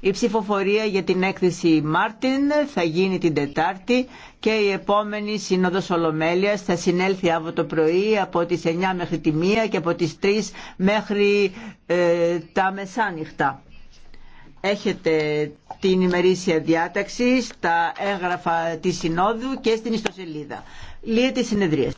Η ψηφοφορία για την έκθεση Μάρτιν θα γίνει την Τετάρτη και η επόμενη Σύνοδος Ολομέλειας θα συνέλθει από το πρωί από τις 9 μέχρι τη 1 και από τις 3 μέχρι ε, τα μεσάνυχτα. Έχετε την ημερήσια διάταξη στα έγγραφα της Συνόδου και στην ιστοσελίδα. Λύεται η συνεδρία.